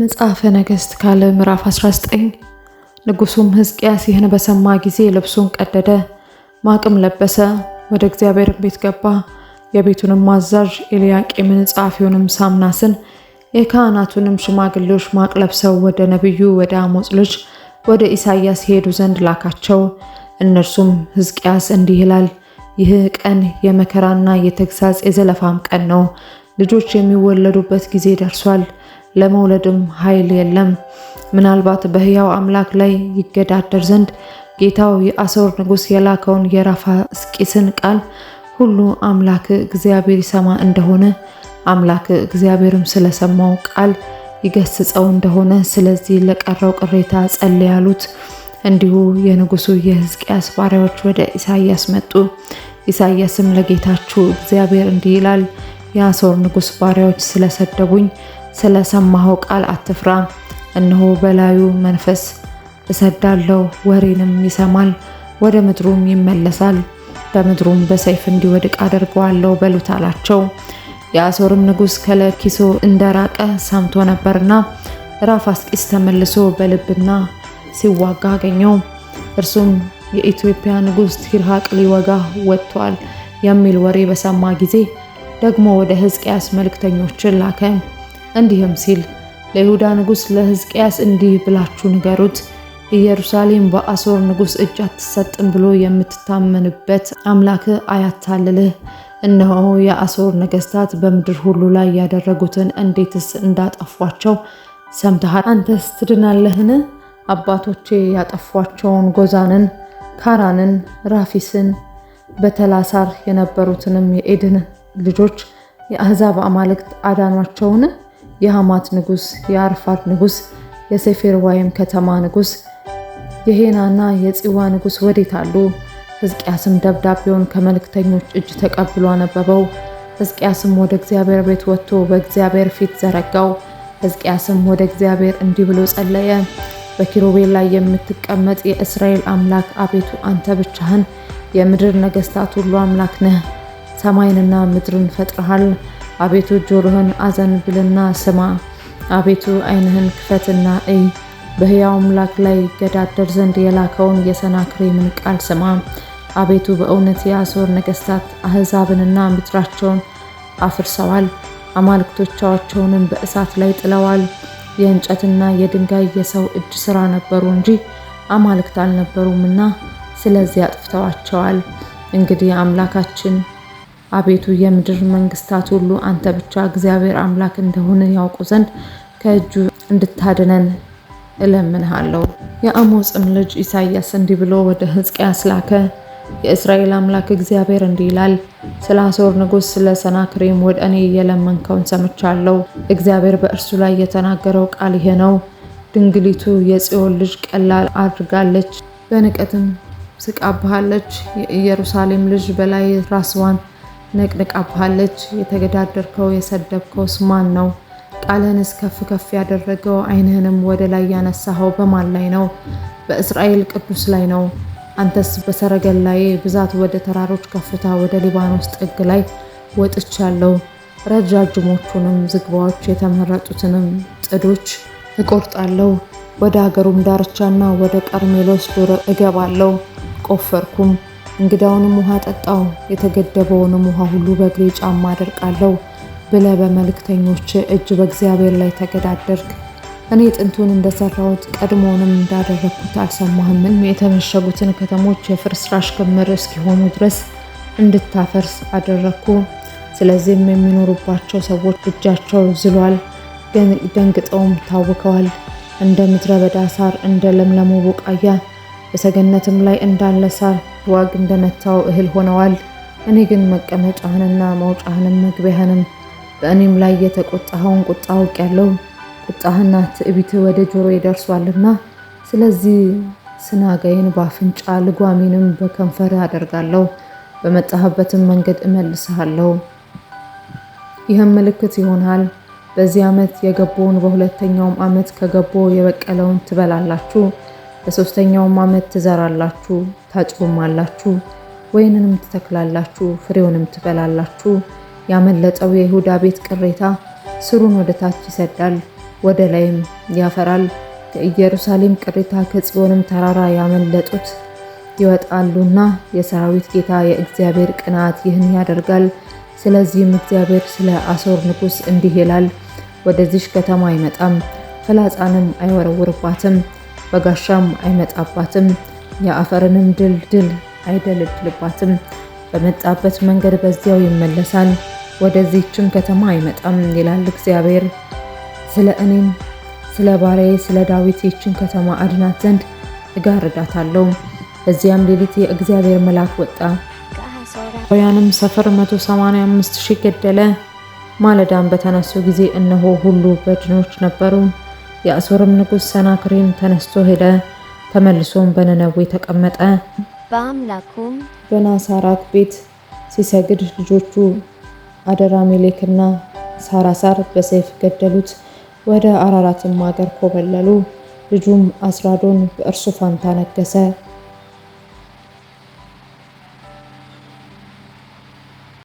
መጽሐፈ ነገሥት ካልዕ ምዕራፍ 19 ንጉሡም ሕዝቅያስ ይህን በሰማ ጊዜ ልብሱን ቀደደ፣ ማቅም ለበሰ፣ ወደ እግዚአብሔር ቤት ገባ። የቤቱንም አዛዥ ኤልያቄምን፣ ጸሐፊውንም ሳምናስን፣ የካህናቱንም ሽማግሌዎች ማቅ ለብሰው ወደ ነቢዩ ወደ አሞጽ ልጅ ወደ ኢሳይያስ ሄዱ ዘንድ ላካቸው። እነርሱም ሕዝቅያስ እንዲህ ይላል፣ ይህ ቀን የመከራና የተግሳጽ የዘለፋም ቀን ነው፣ ልጆች የሚወለዱበት ጊዜ ደርሷል። ለመውለድም ኃይል የለም። ምናልባት በሕያው አምላክ ላይ ይገዳደር ዘንድ ጌታው የአሦር ንጉሥ የላከውን የራፋ ስቂስን ቃል ሁሉ አምላክ እግዚአብሔር ይሰማ እንደሆነ አምላክ እግዚአብሔርም ስለሰማው ቃል ይገስጸው እንደሆነ ስለዚህ ለቀረው ቅሬታ ጸልይ ያሉት እንዲሁ የንጉሱ የሕዝቅያስ ባሪያዎች ወደ ኢሳይያስ መጡ። ኢሳይያስም ለጌታችሁ እግዚአብሔር እንዲህ ይላል፣ የአሦር ንጉሥ ባሪያዎች ስለሰደቡኝ ስለሰማኸው ቃል አትፍራ፣ እነሆ በላዩ መንፈስ እሰዳለሁ፣ ወሬንም ይሰማል፣ ወደ ምድሩም ይመለሳል፣ በምድሩም በሰይፍ እንዲወድቅ አደርገዋለሁ በሉት አላቸው። የአሶርም ንጉሥ ከለኪሶ እንደራቀ ሰምቶ ነበርና አስቂስ ተመልሶ በልብና ሲዋጋ አገኘው። እርሱም የኢትዮጵያ ንጉሥ ቲርሃቅ ሊወጋ ወጥቷል የሚል ወሬ በሰማ ጊዜ ደግሞ ወደ ሕዝቅያስ መልእክተኞችን ላከ። እንዲህም ሲል ለይሁዳ ንጉሥ ለሕዝቅያስ እንዲህ ብላችሁ ንገሩት ኢየሩሳሌም በአሦር ንጉሥ እጅ አትሰጥም ብሎ የምትታመንበት አምላክ አያታልልህ። እነሆ የአሦር ነገሥታት በምድር ሁሉ ላይ ያደረጉትን እንዴትስ እንዳጠፏቸው ሰምተሃል። አንተስ ትድናለህን? አባቶቼ ያጠፏቸውን ጎዛንን፣ ካራንን፣ ራፊስን፣ በተላሳር የነበሩትንም የኤድን ልጆች የአሕዛብ አማልክት አዳኗቸውን? የሐማት ንጉሥ፣ የአርፋድ የሴፌር ዋይም ከተማ ንጉስ፣ የሄናና የፂዋ ንጉስ ወዴት አሉ? ሕዝቅያስም ደብዳቤውን ከመልእክተኞች እጅ ተቀብሎ አነበበው። ሕዝቅያስም ወደ እግዚአብሔር ቤት ወጥቶ በእግዚአብሔር ፊት ዘረጋው። ሕዝቅያስም ወደ እግዚአብሔር እንዲህ ብሎ ጸለየ። በኪሩቤል ላይ የምትቀመጥ የእስራኤል አምላክ አቤቱ አንተ ብቻህን የምድር ነገስታት ሁሉ አምላክ ነህ። ሰማይንና ምድርን ፈጥረሃል። አቤቱ ጆሮህን አዘንብልና ስማ። አቤቱ ዓይንህን ክፈትና እይ። በሕያው አምላክ ላይ ይገዳደር ዘንድ የላከውን የሰናክሬምን ቃል ስማ። አቤቱ በእውነት የአሦር ነገሥታት አሕዛብንና ምድራቸውን አፍርሰዋል፣ አማልክቶቻቸውንም በእሳት ላይ ጥለዋል። የእንጨትና የድንጋይ የሰው እጅ ሥራ ነበሩ እንጂ አማልክት አልነበሩምና፣ ስለዚህ አጥፍተዋቸዋል። እንግዲህ አምላካችን አቤቱ የምድር መንግስታት ሁሉ አንተ ብቻ እግዚአብሔር አምላክ እንደሆነ ያውቁ ዘንድ ከእጁ እንድታድነን እለምንሃለሁ። የአሞጽም ልጅ ኢሳያስ እንዲህ ብሎ ወደ ሕዝቅያስ ላከ። የእስራኤል አምላክ እግዚአብሔር እንዲህ ይላል፣ ስለ አሶር ንጉሥ ስለ ሰናክሬም ወደ እኔ እየለመንከውን ሰምቻለሁ። እግዚአብሔር በእርሱ ላይ የተናገረው ቃል ይሄ ነው። ድንግሊቱ የጽዮን ልጅ ቀላል አድርጋለች፣ በንቀትም ስቃብሃለች። የኢየሩሳሌም ልጅ በላይ ራስዋን ነቅንቃብሃለች። የተገዳደርከው የሰደብከውስ ማን ነው? ቃልህንስ ከፍ ከፍ ያደረገው ዓይንህንም ወደ ላይ ያነሳኸው በማን ላይ ነው? በእስራኤል ቅዱስ ላይ ነው። አንተስ ላይ ብዛት ወደ ተራሮች ከፍታ ወደ ሊባኖስ ጥግ ላይ ወጥቻለሁ። ረጃጅሞቹንም ዝግባዎች የተመረጡትንም ጥዶች እቆርጣለሁ። ወደ አገሩም ዳርቻና ወደ ቀርሜሎስ ዱር እገባለሁ። ቆፈርኩም እንግዳውንም ውሃ ጠጣው፣ የተገደበውንም ውሃ ሁሉ በእግሬ ጫማ አደርቃለሁ ብለ በመልእክተኞች እጅ በእግዚአብሔር ላይ ተገዳደርክ። እኔ ጥንቱን እንደሰራሁት ቀድሞውንም እንዳደረግኩት አልሰማህምን? የተመሸጉትን ከተሞች የፍርስራሽ ክምር እስኪሆኑ ድረስ እንድታፈርስ አደረግኩ። ስለዚህም የሚኖሩባቸው ሰዎች እጃቸው ዝሏል፣ ደንግጠውም ታውከዋል። እንደ ምድረ በዳ ሳር፣ እንደ ለምለሙ ቡቃያ በሰገነትም ላይ እንዳለ ሳር ዋግ እንደመታው እህል ሆነዋል። እኔ ግን መቀመጫህንና መውጫህንም መግቢያህንም በእኔም ላይ የተቆጣኸውን ቁጣ አውቄያለሁ። ቁጣህና ትዕቢት ወደ ጆሮ ይደርሷልና ስለዚህ ስናጋዬን በአፍንጫ ልጓሜንም በከንፈር አደርጋለሁ፣ በመጣህበትም መንገድ እመልስሃለሁ። ይህም ምልክት ይሆናል። በዚህ ዓመት የገቦውን በሁለተኛውም ዓመት ከገቦ የበቀለውን ትበላላችሁ። በሶስተኛውም ዓመት ትዘራላችሁ ታጭዱማላችሁ፣ ወይንንም ትተክላላችሁ ፍሬውንም ትበላላችሁ። ያመለጠው የይሁዳ ቤት ቅሬታ ስሩን ወደ ታች ይሰዳል፣ ወደ ላይም ያፈራል። ከኢየሩሳሌም ቅሬታ ከጽዮንም ተራራ ያመለጡት ይወጣሉና የሰራዊት ጌታ የእግዚአብሔር ቅንዓት ይህን ያደርጋል። ስለዚህም እግዚአብሔር ስለ አሶር ንጉሥ እንዲህ ይላል፣ ወደዚሽ ከተማ አይመጣም፣ ፍላጻንም አይወረውርባትም በጋሻም አይመጣባትም፣ የአፈርንም ድልድል አይደልድልባትም። በመጣበት መንገድ በዚያው ይመለሳል፣ ወደዚህችም ከተማ አይመጣም ይላል እግዚአብሔር። ስለ እኔም ስለ ባሪያዬ ስለ ዳዊት ይችን ከተማ አድናት ዘንድ እጋርዳታለሁ። በዚያም ሌሊት የእግዚአብሔር መልአክ ወጣ፣ ከአሦራውያንም ሰፈር 185 ሺህ ገደለ። ማለዳም በተነሱ ጊዜ እነሆ ሁሉ በድኖች ነበሩ። የአሦርም ንጉሥ ሰናክሪም ተነስቶ ሄደ። ተመልሶም በነነዌ ተቀመጠ። በአምላኩም በናሳራክ ቤት ሲሰግድ ልጆቹ አደራሜሌክና ሳራሳር በሰይፍ ገደሉት። ወደ አራራትም አገር ኮበለሉ። ልጁም አስራዶን በእርሱ ፋንታ ነገሰ።